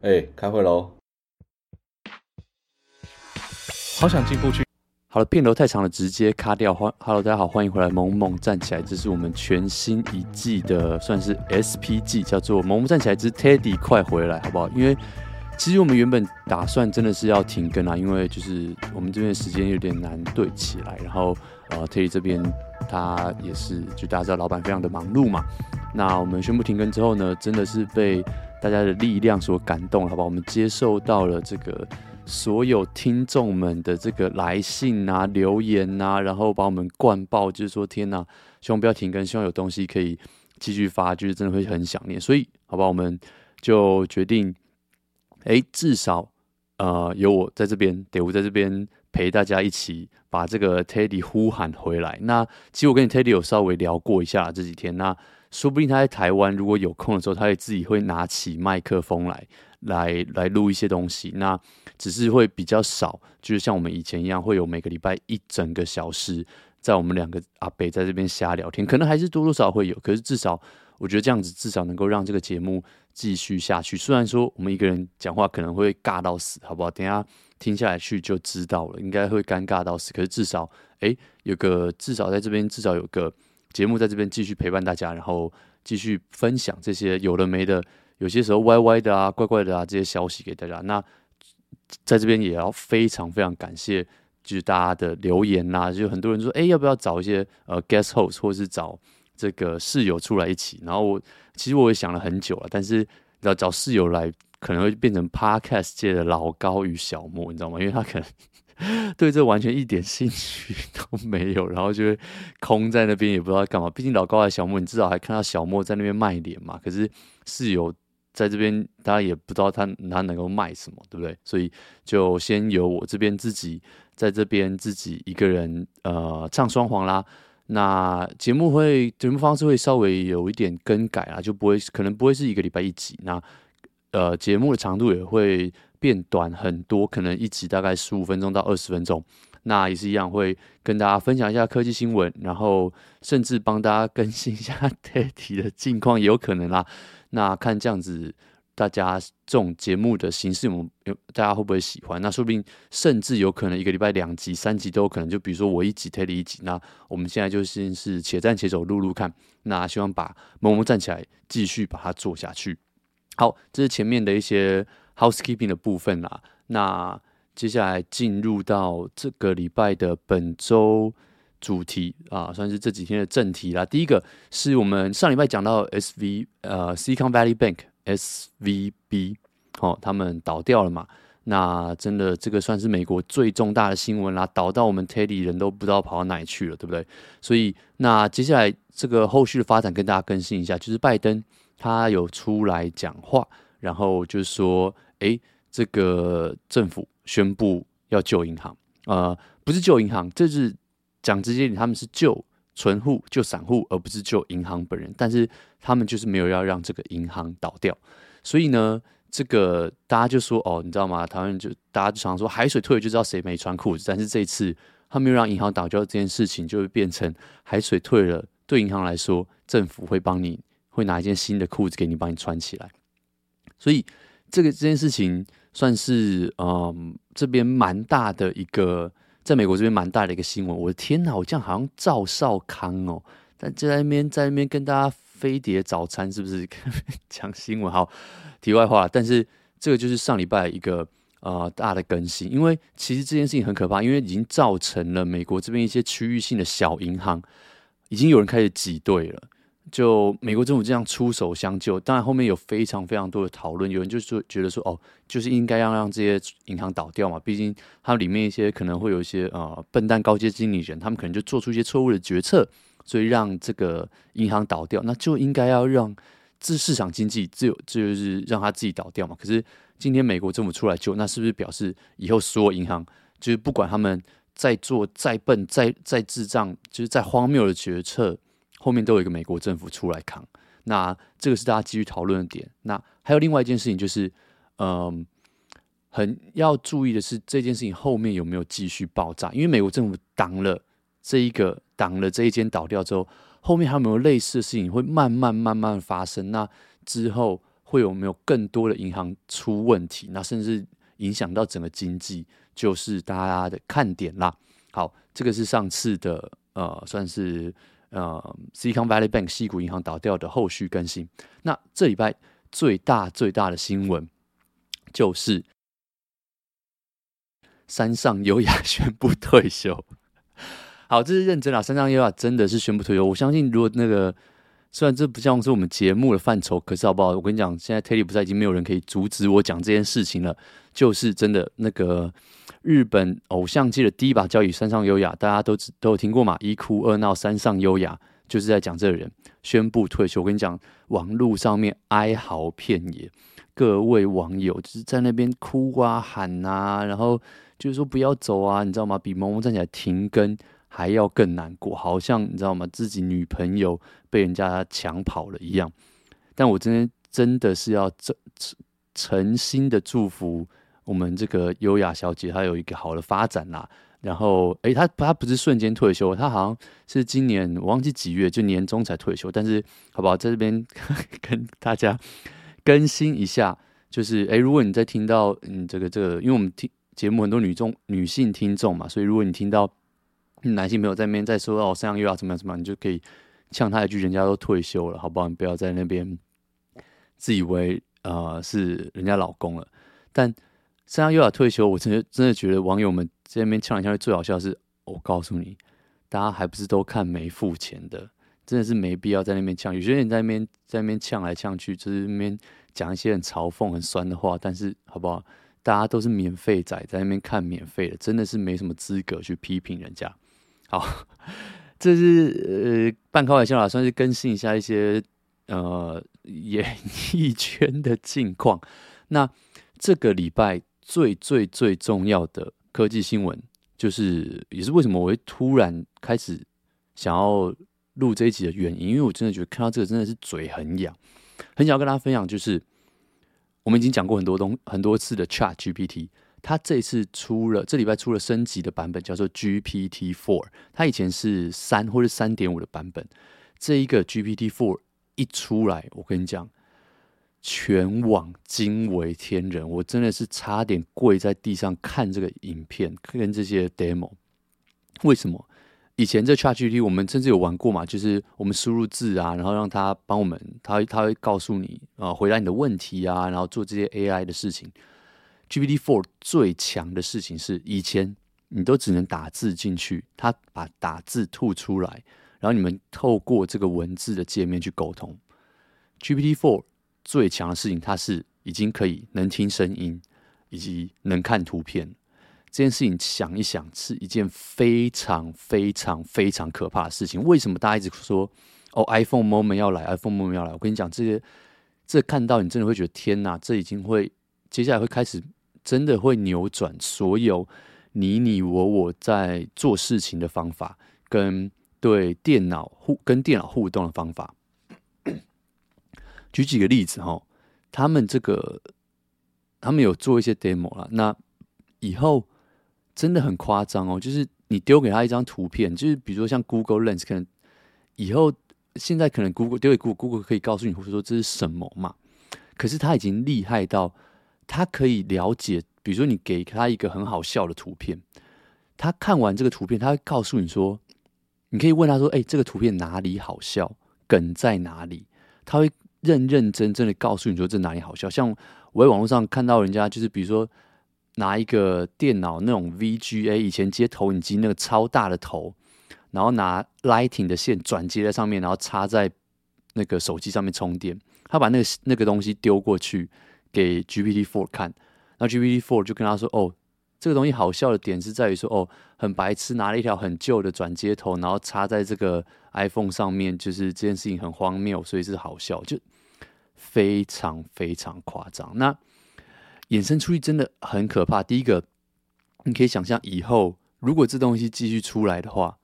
哎、欸，開會嘍！好想進不去。好了，片頭太長了，直接卡掉。歡，Hello，大家好，歡迎回來。萌萌站起來，這是我們全新一季的，算是 SPG，叫做《萌萌站起來之 Teddy 快回來》，好不好？因為其實我們原本打算真的是要停更啊，因為就是我們這邊的時間有點難對起來，然後呃，Teddy 這邊他也是，就大家知道老闆非常的忙碌嘛。那我們宣布停更之後呢，真的是被。大家的力量所感動，好吧？我們接受到了這個所有聽眾們的這個來信啊、留言啊，然後把我們灌爆，就是說天哪，希望不要停更，希望有東西可以繼續發，就是真的會很想念。所以，好吧，我們就決定，哎、欸，至少呃，有我在這邊，得我在這邊陪大家一起把這個 Teddy 呼喊回來。那其實我跟你 Teddy 有稍微聊過一下這幾天，那。說不定他在台灣，如果有空的時候，他也自己會拿起麥克風來，來，來錄一些東西。那只是會比較少，就是像我們以前一樣，會有每個禮拜一整個小時，在我們兩個阿北在這邊瞎聊天。可能還是多多少少會有，可是至少我覺得這樣子，至少能夠讓這個節目繼續下去。雖然說我們一個人講話可能會尬到死，好不好？等一下聽下來去就知道了，應該會尷尬到死。可是至少，哎，有個至少在這邊，至少有個。節目在這邊繼續陪伴大家，然後繼續分享這些有的沒的，有些時候歪歪的啊、怪怪的啊，這些消息給大家。那在這邊也要非常非常感謝，就是大家的留言啦、啊。就是、很多人說，哎、欸，要不要找一些呃 guest hosts, 或是找這個室友出來一起？然後我其實我也想了很久了，但是要找室友來，可能會變成 podcast 界的老高與小莫，你知道嗎？因為他可能…… 對這完全一點興趣都沒有，然後就空在那邊也不知道幹嘛。畢竟老高和小莫，你至少還看到小莫在那邊賣臉嘛。可是室友在這邊，他也不知道他他能夠賣什麼，對不對？所以就先由我這邊自己在這邊自己一個人呃唱雙簧啦。那節目會節目方式會稍微有一點更改啊，就不會可能不會是一個禮拜一集。那呃節目的長度也會變短很多，可能一集大概十五分鐘到二十分鐘，那也是一樣會跟大家分享一下科技新聞，然後甚至幫大家更新一下 Teddy 的近況也有可能啦。那看這樣子，大家這種節目的形式，我們大家會不會喜歡？那說不定甚至有可能一個禮拜兩集、三集都有可能。就比如說我一集 Teddy 一集，那我們現在就先是且戰且走，錄錄看。那希望把萌萌站起來，繼續把它做下去。好，這是前面的一些。Housekeeping 的部分啦，那接下來進入到這個禮拜的本周主題啊，算是這幾天的正題啦。第一個是我們上禮拜講到 S V 呃，Silicon Valley Bank S V B，好，哦，他們倒掉了嘛。那真的這個算是美國最重大的新聞啦，倒到我們 Teddy 人都不知道跑到哪裡去了，對不對？所以那接下來這個後續的發展跟大家更新一下，就是拜登他有出來講話，然後就說，誒，這個政府宣布要救銀行啊、呃，不是救銀行，這是講直接點，他們是救存戶、救散戶，而不是救銀行本人。但是他們就是沒有要讓這個銀行倒掉。所以呢，這個大家就說哦，你知道嗎？台灣就大家就想說海水退了就知道誰沒穿褲子。但是這一次，他沒有讓銀行倒掉這件事情，就會變成海水退了，對銀行來說，政府會幫你，會拿一件新的褲子給你，幫你穿起來。所以。這個這件事情算是嗯、呃、這邊蠻大的一個，在美國這邊蠻大的一個新聞。我的天吶，我這樣好像趙少康哦，但就在那邊，在那邊跟大家飛碟早餐是不是 講新聞？好，題外話，但是這個就是上禮拜一個呃大的更新，因為其實這件事情很可怕，因為已經造成了美國這邊一些區域性的小銀行已經有人開始擠兌了。就美國政府這樣出手相救，當然後面有非常非常多的討論，有人就是覺得說，哦，就是應該要讓這些銀行倒掉嘛，畢竟它裡面一些可能會有一些呃笨蛋高階經理人，他們可能就做出一些錯誤的決策，所以讓這個銀行倒掉，那就應該要讓這市場經濟自由就是讓它自己倒掉嘛。可是今天美國政府出來救，那是不是表示以後所有銀行就是不管他們再做再笨、再再智障、就是再荒謬的決策？後面都有一個美國政府出來扛，那這個是大家繼續討論的點。那還有另外一件事情，就是嗯，很要注意的是這件事情後面有沒有繼續爆炸？因為美國政府擋了這一個，擋了這一間倒掉之後，後面還有沒有類似的事情會慢慢慢慢發生？那之後會有沒有更多的銀行出問題？那甚至影響到整個經濟，就是大家，大家的看點啦。好，這個是上次的呃，算是。呃 Silicon Valley Bank 矽谷銀行倒掉的後續更新。那這禮拜最大最大的新聞就是山上優雅宣布退休。好，這是認真啊，山上優雅真的是宣布退休。我相信，如果那個。雖然這不像是我們節目的範疇，可是好不好？我跟你講，現在 Teddy 不在，已經沒有人可以阻止我講這件事情了。就是真的，那個日本偶像界的第一把交椅三上優雅，大家都都有聽過嘛？一哭二鬧，三上優雅就是在講這個人宣布退休。我跟你講，網絡上面哀嚎遍野，各位網友就是在那邊哭啊、喊啊，然後就是說不要走啊，你知道嗎？比萌萌站起來停更還要更難過，好像你知道嗎？自己女朋友，被人家搶跑了一樣，但我今天真的真的是要誠誠心的祝福我們這個優雅小姐她有一個好的發展啦。然後，誒、欸，她她不是瞬間退休，她好像是今年我忘記幾月，就年中才退休。但是，好不好，在這邊 跟大家更新一下，就是，誒、欸，如果你在聽到，嗯，這個這個，因為我們聽節目很多女眾女性聽眾嘛，所以如果你聽到男性朋友在那邊在說哦，像優雅怎麼樣怎麼樣，你就可以。嗆他一句，人家都退休了，好不好？你不要在那邊自以為呃是人家老公了。但就讓他優雅退休，我真的真的覺得網友們在那邊嗆來嗆去最好笑的是，我告訴你，大家還不是都看沒付錢的，真的是沒必要在那邊嗆。有些人在那邊在那邊嗆來嗆去，就是那邊講一些很嘲諷、很酸的話。但是好不好？大家都是免費仔，在那邊看免費的，真的是沒什麼資格去批評人家。好。這是呃，半開玩笑啦，算是更新一下一些呃演藝圈的近況。那這個禮拜最最最重要的科技新聞，就是也是為什麼我會突然開始想要錄這一集的原因，因為我真的覺得看到這個真的是嘴很癢，很想要跟大家分享，就是我們已經講過很多東很多次的 Chat GPT。他這次出了這禮拜出了升級的版本，叫做 GPT Four。他以前是三或者三點五的版本，這一個 GPT Four 一出來，我跟你講，全網驚為天人。我真的是差點跪在地上看這個影片，看這些 demo。為什麼？以前這 ChatGPT 我們甚至有玩過嘛？就是我們輸入字啊，然後讓它幫我們，它會它會告訴你啊，回答你的問題啊，然後做這些 AI 的事情。GPT Four 最強的事情是，以前你都只能打字進去，它把打字吐出來，然後你們透過這個文字的界面去溝通。GPT Four 最強的事情，它是已經可以能聽聲音，以及能看圖片。這件事情想一想，是一件非常非常非常可怕的事情。為什麼大家一直說哦，iPhone moment 要來，iPhone moment 要來？我跟你講，這些這些看到你真的會覺得天哪，這已經會接下來會開始。真的會扭轉所有你你我我在做事情的方法，跟對電腦互跟電腦互動的方法。 舉幾個例子哈、哦，他們這個他們有做一些 demo 了。那以後真的很誇張哦，就是你丟給他一張圖片，就是比如說像 Google Lens，可能以後現在可能 Google 丟給 Google，Google 可以告訴你或者說這是什麼嘛。可是他已經厲害到。他可以了解，比如說你給他一個很好笑的圖片，他看完這個圖片，他會告訴你說，你可以問他說：“哎、欸，這個圖片哪裡好笑？梗在哪裡？”他會認認真真的告訴你說這哪裡好笑。像我在網絡上看到人家，就是比如說拿一個電腦那種 VGA 以前接投影機那個超大的頭，然後拿 Lighting 的線轉接在上面，然後插在那個手機上面充電。他把那個那個東西丟過去。給 GPT Four 看，那 GPT Four 就跟他說：“哦，這個東西好笑的點是在於說，哦，很白痴拿了一條很舊的轉接頭，然後插在這個 iPhone 上面，就是這件事情很荒謬，所以是好笑，就非常非常誇張。那衍生出去真的很可怕。第一個，你可以想象以後如果這東西繼續出來的話，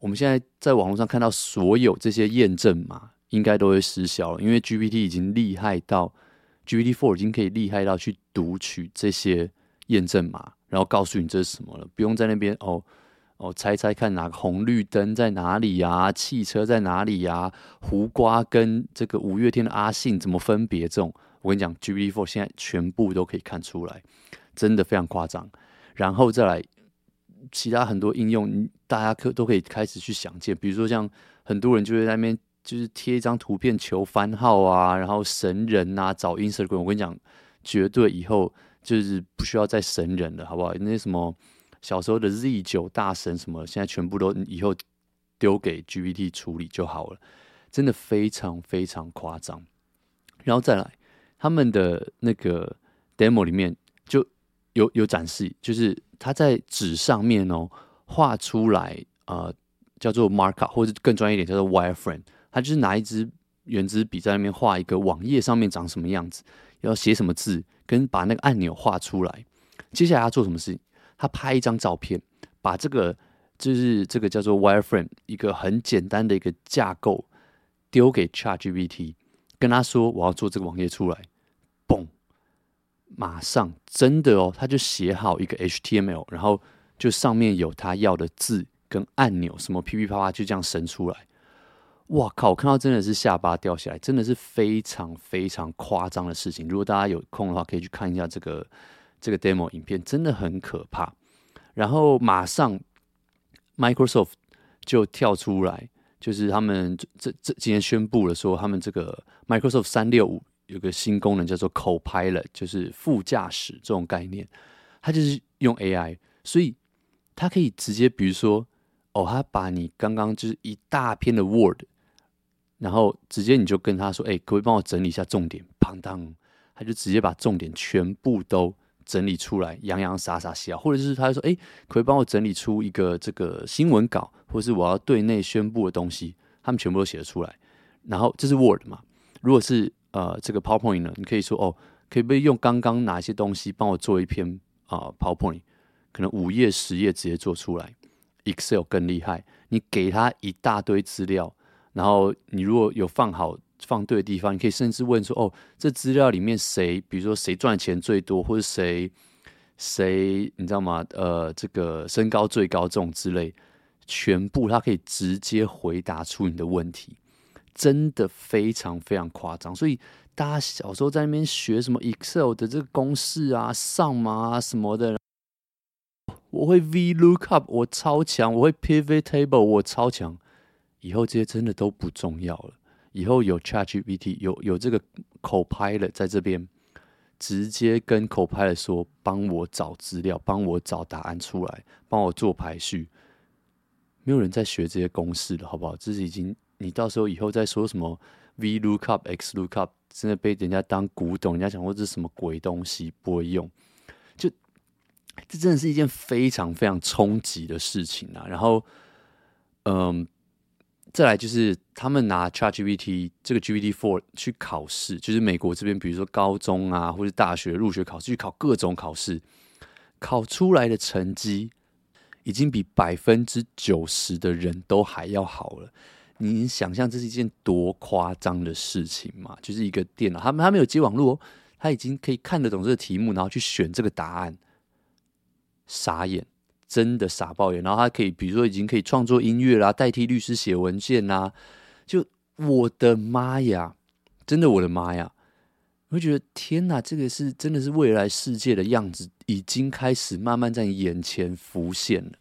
我們現在在網絡上看到所有這些驗證碼應該都會失效了，因為 GPT 已經厲害到。” GPT-4 已經可以厲害到去讀取這些驗證碼，然後告訴你這是什麼了，不用在那邊哦哦猜猜看哪個紅綠燈在哪裡呀、啊，汽車在哪裡呀、啊，胡瓜跟這個五月天的阿信怎麼分別？這種我跟你講，GPT-4 現在全部都可以看出來，真的非常誇張。然後再來其他很多應用，大家可都可以開始去想見，比如說像很多人就在那邊。就是貼一張圖片求番號啊，然後神人啊找 Instagram。我跟你講，絕對以後就是不需要再神人了，好不好？那些什麼小時候的 Z 九大神什麼，現在全部都以後丟給 GPT 處理就好了，真的非常非常誇張。然後再來，他們的那個 demo 裡面就有有展示，就是他在紙上面哦畫出來，啊、呃，叫做 mark up，或者更專業一點叫做 wireframe。他就是拿一支原子筆在那邊畫一個網頁，上面長什麼樣子，要寫什麼字，跟把那個按鈕畫出來。接下來他做什麼事情？他拍一張照片，把這個就是這個叫做 wireframe，一個很簡單的一個架構，丟給 ChatGPT，跟他說我要做這個網頁出來。嘣，馬上真的哦，他就寫好一個 HTML，然後就上面有他要的字跟按鈕，什麼噼噼啪啪就這樣生出來。哇靠！我看到真的是下巴掉下來，真的是非常非常誇張的事情。如果大家有空的話，可以去看一下這個這個 demo 影片，真的很可怕。然後馬上 Microsoft 就跳出來，就是他們這這這今天宣布了，說他們這個 Microsoft 365有個新功能叫做 Copilot，就是副駕駛這種概念，它就是用 AI，所以它可以直接，比如說哦，它把你剛剛就是一大篇的 Word。然後直接你就跟他說：“哎、欸，可不可以幫我整理一下重點？”砰當，他就直接把重點全部都整理出來，洋洋灑灑寫好。或者是他說：“哎、欸，可不可以幫我整理出一個這個新聞稿，或者是我要對內宣布的東西？”他們全部都寫得出來。然後這是 Word 嘛？如果是呃這個 PowerPoint 呢，你可以說：“哦，可不可以用剛剛哪些東西幫我做一篇啊、呃、PowerPoint？可能五頁十頁直接做出來。”Excel 更厲害，你給他一大堆資料。然後你如果有放好放對的地方，你可以甚至問說：“哦，這資料裡面誰，比如說誰賺錢最多，或者誰誰你知道嗎？呃，這個身高最高這種之類，全部他可以直接回答出你的問題，真的非常非常誇張。所以大家小時候在那邊學什麼 Excel 的這個公式啊、SUM 啊什麼的，我會 VLOOKUP，我超強；我會 Pivot Table，我超強。”以後這些真的都不重要了。以後有 ChatGPT，有有這個 Copilot 在這邊，直接跟 Copilot 說，幫我找資料，幫我找答案出來，幫我做排序。沒有人在學這些公式了，好不好？這是已經你到時候以後再說什麼 VLOOKUP、XLOOKUP，真的被人家當古董，人家講說這是什麼鬼東西，不會用。就這真的是一件非常非常衝擊的事情啊。然後，嗯。再來就是他們拿 ChatGPT 這個 GPT4 去考試，就是美國這邊，比如說高中啊，或者是大學入學考試，去考各種考試，考出來的成績已經比百分之九十的人都還要好了。你想象這是一件多誇張的事情嘛？就是一個電腦，他們還沒有接網絡，哦，他已經可以看得懂這個題目，然後去選這個答案，傻眼。真的傻爆眼，然後他可以，比如說已經可以創作音樂啦、啊，代替律師寫文件啦、啊，就我的媽呀，真的我的媽呀，我覺得天哪，這個是真的是未來世界的樣子，已經開始慢慢在眼前浮現了。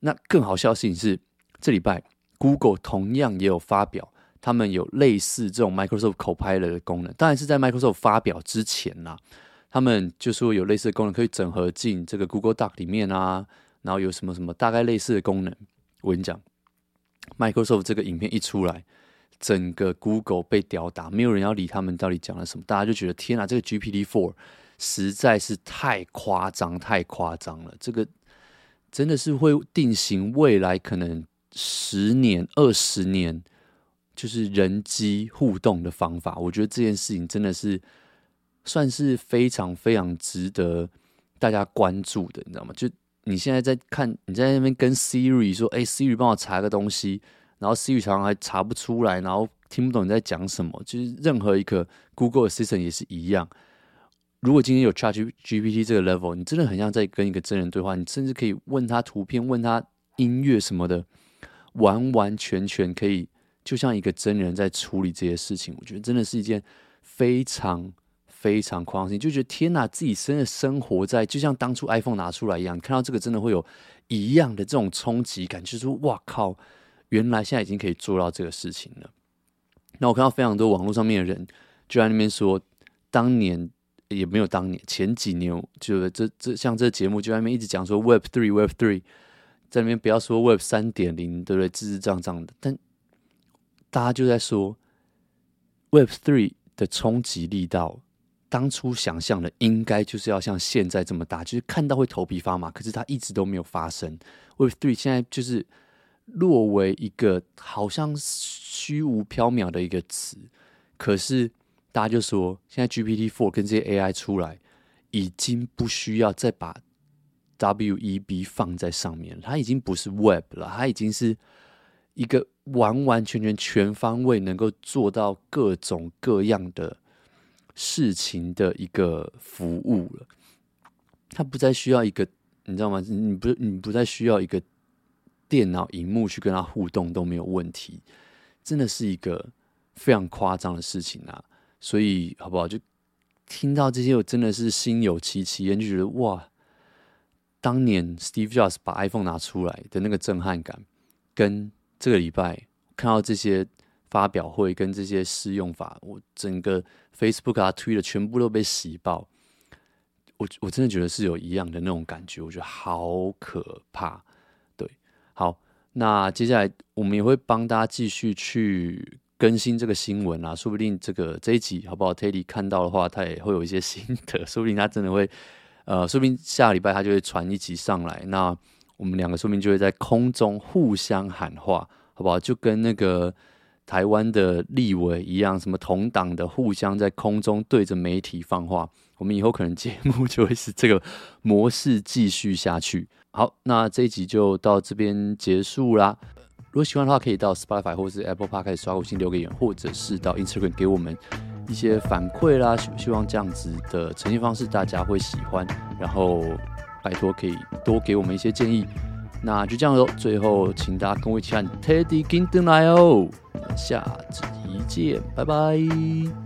那更好笑的事情是，這禮拜 Google 同樣也有發表，他們有類似這種 Microsoft Copilot 的功能，當然是在 Microsoft 發表之前啦、啊。他們就說有類似的功能可以整合進這個 Google Doc 裡面啊，然後有什麼什麼大概類似的功能。我跟你講，Microsoft 這個影片一出來，整個 Google 被吊打，沒有人要理他們到底講了什麼。大家就覺得天啊，這個 GPT Four 實在是太誇張，太誇張了。這個真的是會定型未來可能十年、二十年，就是人機互動的方法。我覺得這件事情真的是。算是非常非常值得大家關注的，你知道嗎？就你現在在看，你在那邊跟 Siri 說：“哎，Siri 幫我查個東西。”然後 Siri 常常還查不出來，然後聽不懂你在講什麼。就是任何一個 Google Assistant 也是一樣。如果今天有 ChatGPT 這個 level，你真的很像在跟一個真人對話。你甚至可以問他圖片、問他音樂什麼的，完完全全可以，就像一個真人在處理這些事情。我覺得真的是一件非常。非常誇張，就覺得天吶，自己真的生活在就像當初 iPhone 拿出來一樣，看到這個真的會有一樣的這種衝擊感，就是說哇靠，原來現在已經可以做到這個事情了。那我看到非常多網絡上面的人就在那邊說，當年也沒有當年前幾年就，就這這像這節目就在那邊一直講說 Web 3, Web Three Web Three，在那邊不要說 Web 三點零，對不對？支支張張的，但大家就在說 Web Three 的衝擊力道。當初想象的應該就是要像現在這麼大，就是看到會頭皮發麻。可是它一直都沒有發生。Web three 現在就是落為一個好像虛無縹緲的一個詞。可是大家就說，現在 GPT four 跟這些 AI 出來，已經不需要再把 Web 放在上面了。它已經不是 Web 了，它已經是一個完完全全全方位能夠做到各種各樣的。事情的一個服務了，他不再需要一個，你知道嗎？你不是，你不再需要一個電腦熒幕去跟他互動都沒有問題，真的是一個非常誇張的事情啊！所以好不好？就聽到這些，我真的是心有戚戚焉，就覺得哇，當年 Steve Jobs 把 iPhone 拿出來的那個震撼感，跟這個禮拜看到這些。發表會跟這些試用法，我整個 Facebook 啊、推特全部都被洗爆。我我真的覺得是有一樣的那種感覺，我覺得好可怕。對，好，那接下來我們也會幫大家繼續去更新這個新聞啊，說不定這個這一集好不好？Teddy 看到的話，他也會有一些心得，說不定他真的會，呃，說不定下禮拜他就會傳一集上來。那我們兩個說不定就會在空中互相喊話，好不好？就跟那個。台灣的立委一樣，什麼同黨的互相在空中對着媒體放話，我們以後可能節目就會是這個模式繼續下去。好，那這一集就到這邊結束啦。如果喜歡的話，可以到 Spotify 或是 Apple Podcast 開始刷五星留個言，或者是到 Instagram 給我們一些反饋啦。希望這樣子的呈現方式大家會喜歡，然後拜托可以多給我們一些建議。那就這樣嘍，最後請大家跟我一起喊 Teddy 快回來哦、喔。我們下集見，拜拜。